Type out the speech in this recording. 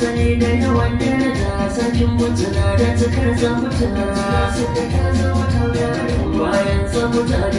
sani da yawan daraja sarkin mutuna da cikar zamutuna bayan zamutuna